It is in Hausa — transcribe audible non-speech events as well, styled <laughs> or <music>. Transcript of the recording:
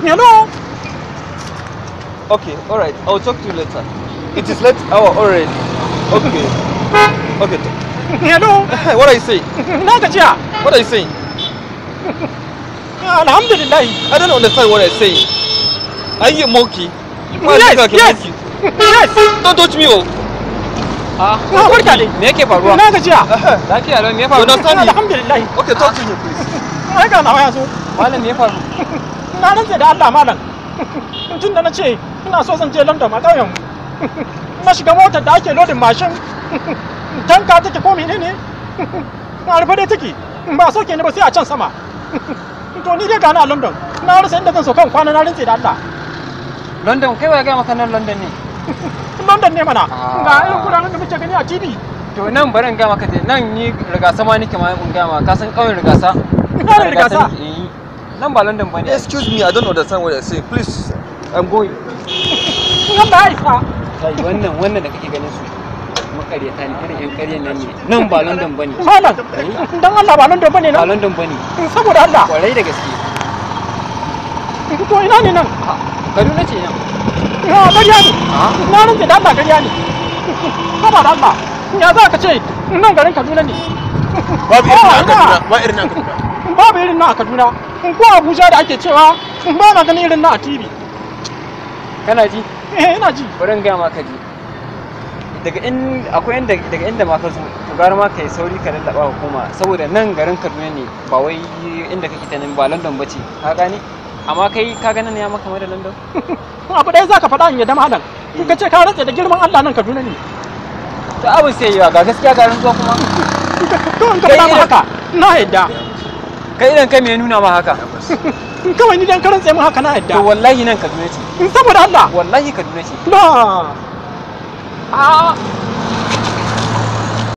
Hello? Okay, alright. I'll talk to you later. It is late hour already. Okay. Okay. Hello? what are you saying? what are you saying? Alhamdulillah. I don't understand what I'm saying. Are you a monkey? Yes, yes. Monkey. Yes. Don't touch me. Oh. Ah, what are you? Me i e faruwa? Na gaji ya. Lafiya lau me faruwa? Understand me? Alhamdulillah. Okay, talk to me please. Ai ga na waya so. Malam t e f a r o w a na rantse da Allah malam <laughs> tun da na ce ina so zan je London a ƙauyen <laughs> na shiga motar da ake lodin mashin <laughs> tanka take ko menene a rufe dai take ba ke ne ba sai a can sama to ni dai ga a London na rasa inda zan so kan kwana na rantse da Allah London kai wa ga maka nan London ne London ne mana ah. ga irin guraren da muke gani a TV to nan bari in ga maka nan ni rigasa ma nake ma in ga maka ka san ƙauyen rigasa ina rigasa eh. nan ba London ba bane. Excuse me, I don't understand what you're saying. Please, I'm going. <laughs> Nan ba Haifa. Kai wannan wannan da kake ganin su makaryata ne kana yan karyan nan ne. Nan ba London ba bane. Malam, dan Allah ba London ba ne nan. Ba London ba ne. Eh, saboda Allah. Kwarai da gaske. Eh, to ina ne nan? Kaduna ce nan. Ya ƙarya ne. Na nan ce da Allah ƙarya ne. <laughs> Saboda Allah. Ya za ka ce nan garin Kaduna ne. Babu irin nan Kaduna, ba irin nan Kaduna. babu irin nan a kaduna in ko abuja da ake cewa in ba na ganin irin na a tv kana ji eh ina ji bari in gaya maka ka ji daga in akwai inda daga inda ma ka zo to gara ma kai sauri ka lallaba hukuma saboda nan garin kaduna ne ba wai inda kake tanin ba london ba ce ka gane amma kai ka ganin ya maka mai da london <laughs> abu ɗaya zaka faɗa in ya dama nan eh. in ka ce ka rantse da girman allah nan kaduna ne ta abin sai yawa ga gaskiya garin zuwa kuma <laughs> to in ka faɗa haka na yadda kai idan kai me nuna ma haka <laughs> kawai ni dan karan tsaye haka na yadda to wallahi nan Kaduna ce saboda Allah wallahi Kaduna ce ba a ah!